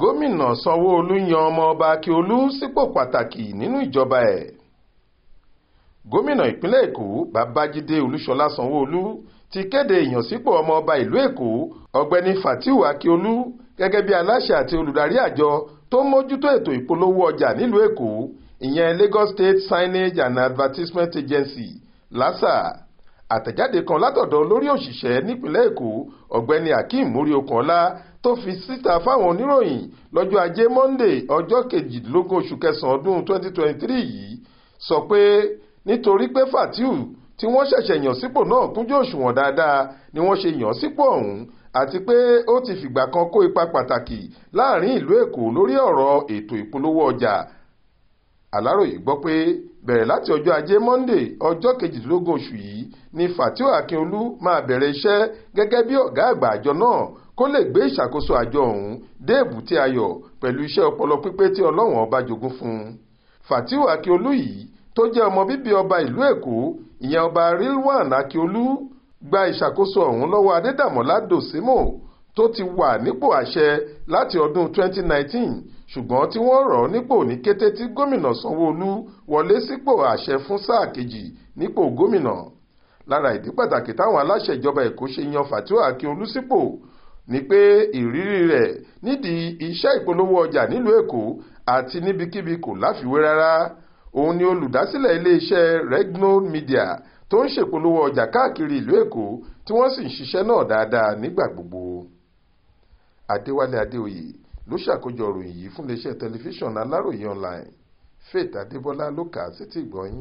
gómìnà sanwó-olu yan ọmọọba akíọlù sípò pàtàkì nínú ìjọba ẹ̀ gómìnà ìpínlẹ̀ èkó babájídé olúṣọlá sanwó-olu ti kéde ìyànsípò ọmọọba ìlú èkó ọ̀gbẹ́ni fatiu akíọlù gẹ́gẹ́ bí aláṣẹ àti olùdarí àjọ tó ń mójútó ètò ìpolówó ọjà nílùú èkó ìyẹn lagos state signage and advertisement agency lasa àtẹ̀jáde kan látọ̀dọ̀ olórí òṣìṣẹ́ nípìnlẹ̀ èkó ọ̀gbẹ́ni akeem muriokanla tó fi síta fáwọn oníròyìn lọ́jọ́ ajé monde ọjọ́ kejìdínlógún oṣù kẹsàn-án ọdún 2023 yìí sọ pé nítorí pé fatiu tí wọ́n ṣẹ̀ṣẹ̀ yàn sípò náà kúnjú òṣùwọ̀n dáadáa ni wọ́n ṣe yàn sípò ọ̀hún àti pé ó ti fìgbà kan kó ipa pàtàkì láàrin ìlú èkó lórí ọ̀rọ̀ ètò ìpolówó ọjà aláròye gbọ́ pé bẹ̀rẹ̀ láti ọjọ́ ajé monde ọjọ́ kejìdínlógún oṣù yìí ni fatiu akínolú máa bẹ̀rẹ̀ iṣẹ́ gẹ́gẹ́ bí ọ̀gá àgbà àjọ náà kó lè gbé ìṣàkóso àjọ ọ̀hún dé èbúté ayọ̀ pẹ̀lú iṣẹ́ ọpọlọ pípé tí ọlọ́run ọba jogún fún un fatiu akínolú yìí tó jẹ́ ọmọ bíbí ọba ìlú èkó ìyẹn ọba rilwan akínolú gba ìṣàkóso ọ̀hún lọ́wọ́ adédàmọ́lá dosimo tó ti wà nípò àṣẹ láti ọdún 2019 ṣùgbọ́n tí wọ́n rọ̀ nípò ní kété tí gómìnà sanwó-olú wọlé sípò àṣẹ fún sáà kejì nípò gómìnà lára ìdí pàtàkì táwọn aláṣẹ ìjọba èkó ṣe yan Fatiu Akiolu sípò ni pé ìrírí rẹ̀ nídìí iṣẹ́ ìpolówó ọjà nílùú èkó àti níbikíbi kò láfiwé rárá òun ni olùdásílẹ̀ iléeṣẹ́ Regno Media tó ń ṣèpolówó ọjà káàkiri ìlú èkó tí wọ́n sì ń ṣiṣẹ́ náà dáadáa nígbà gbogbo adéwálé adéoyè ló ṣàkójọ ìròyìn yìí fún iléeṣẹ́ tẹlifíṣàn aláròye online faith adébọlá ló kà á sétíìgbọ́ yín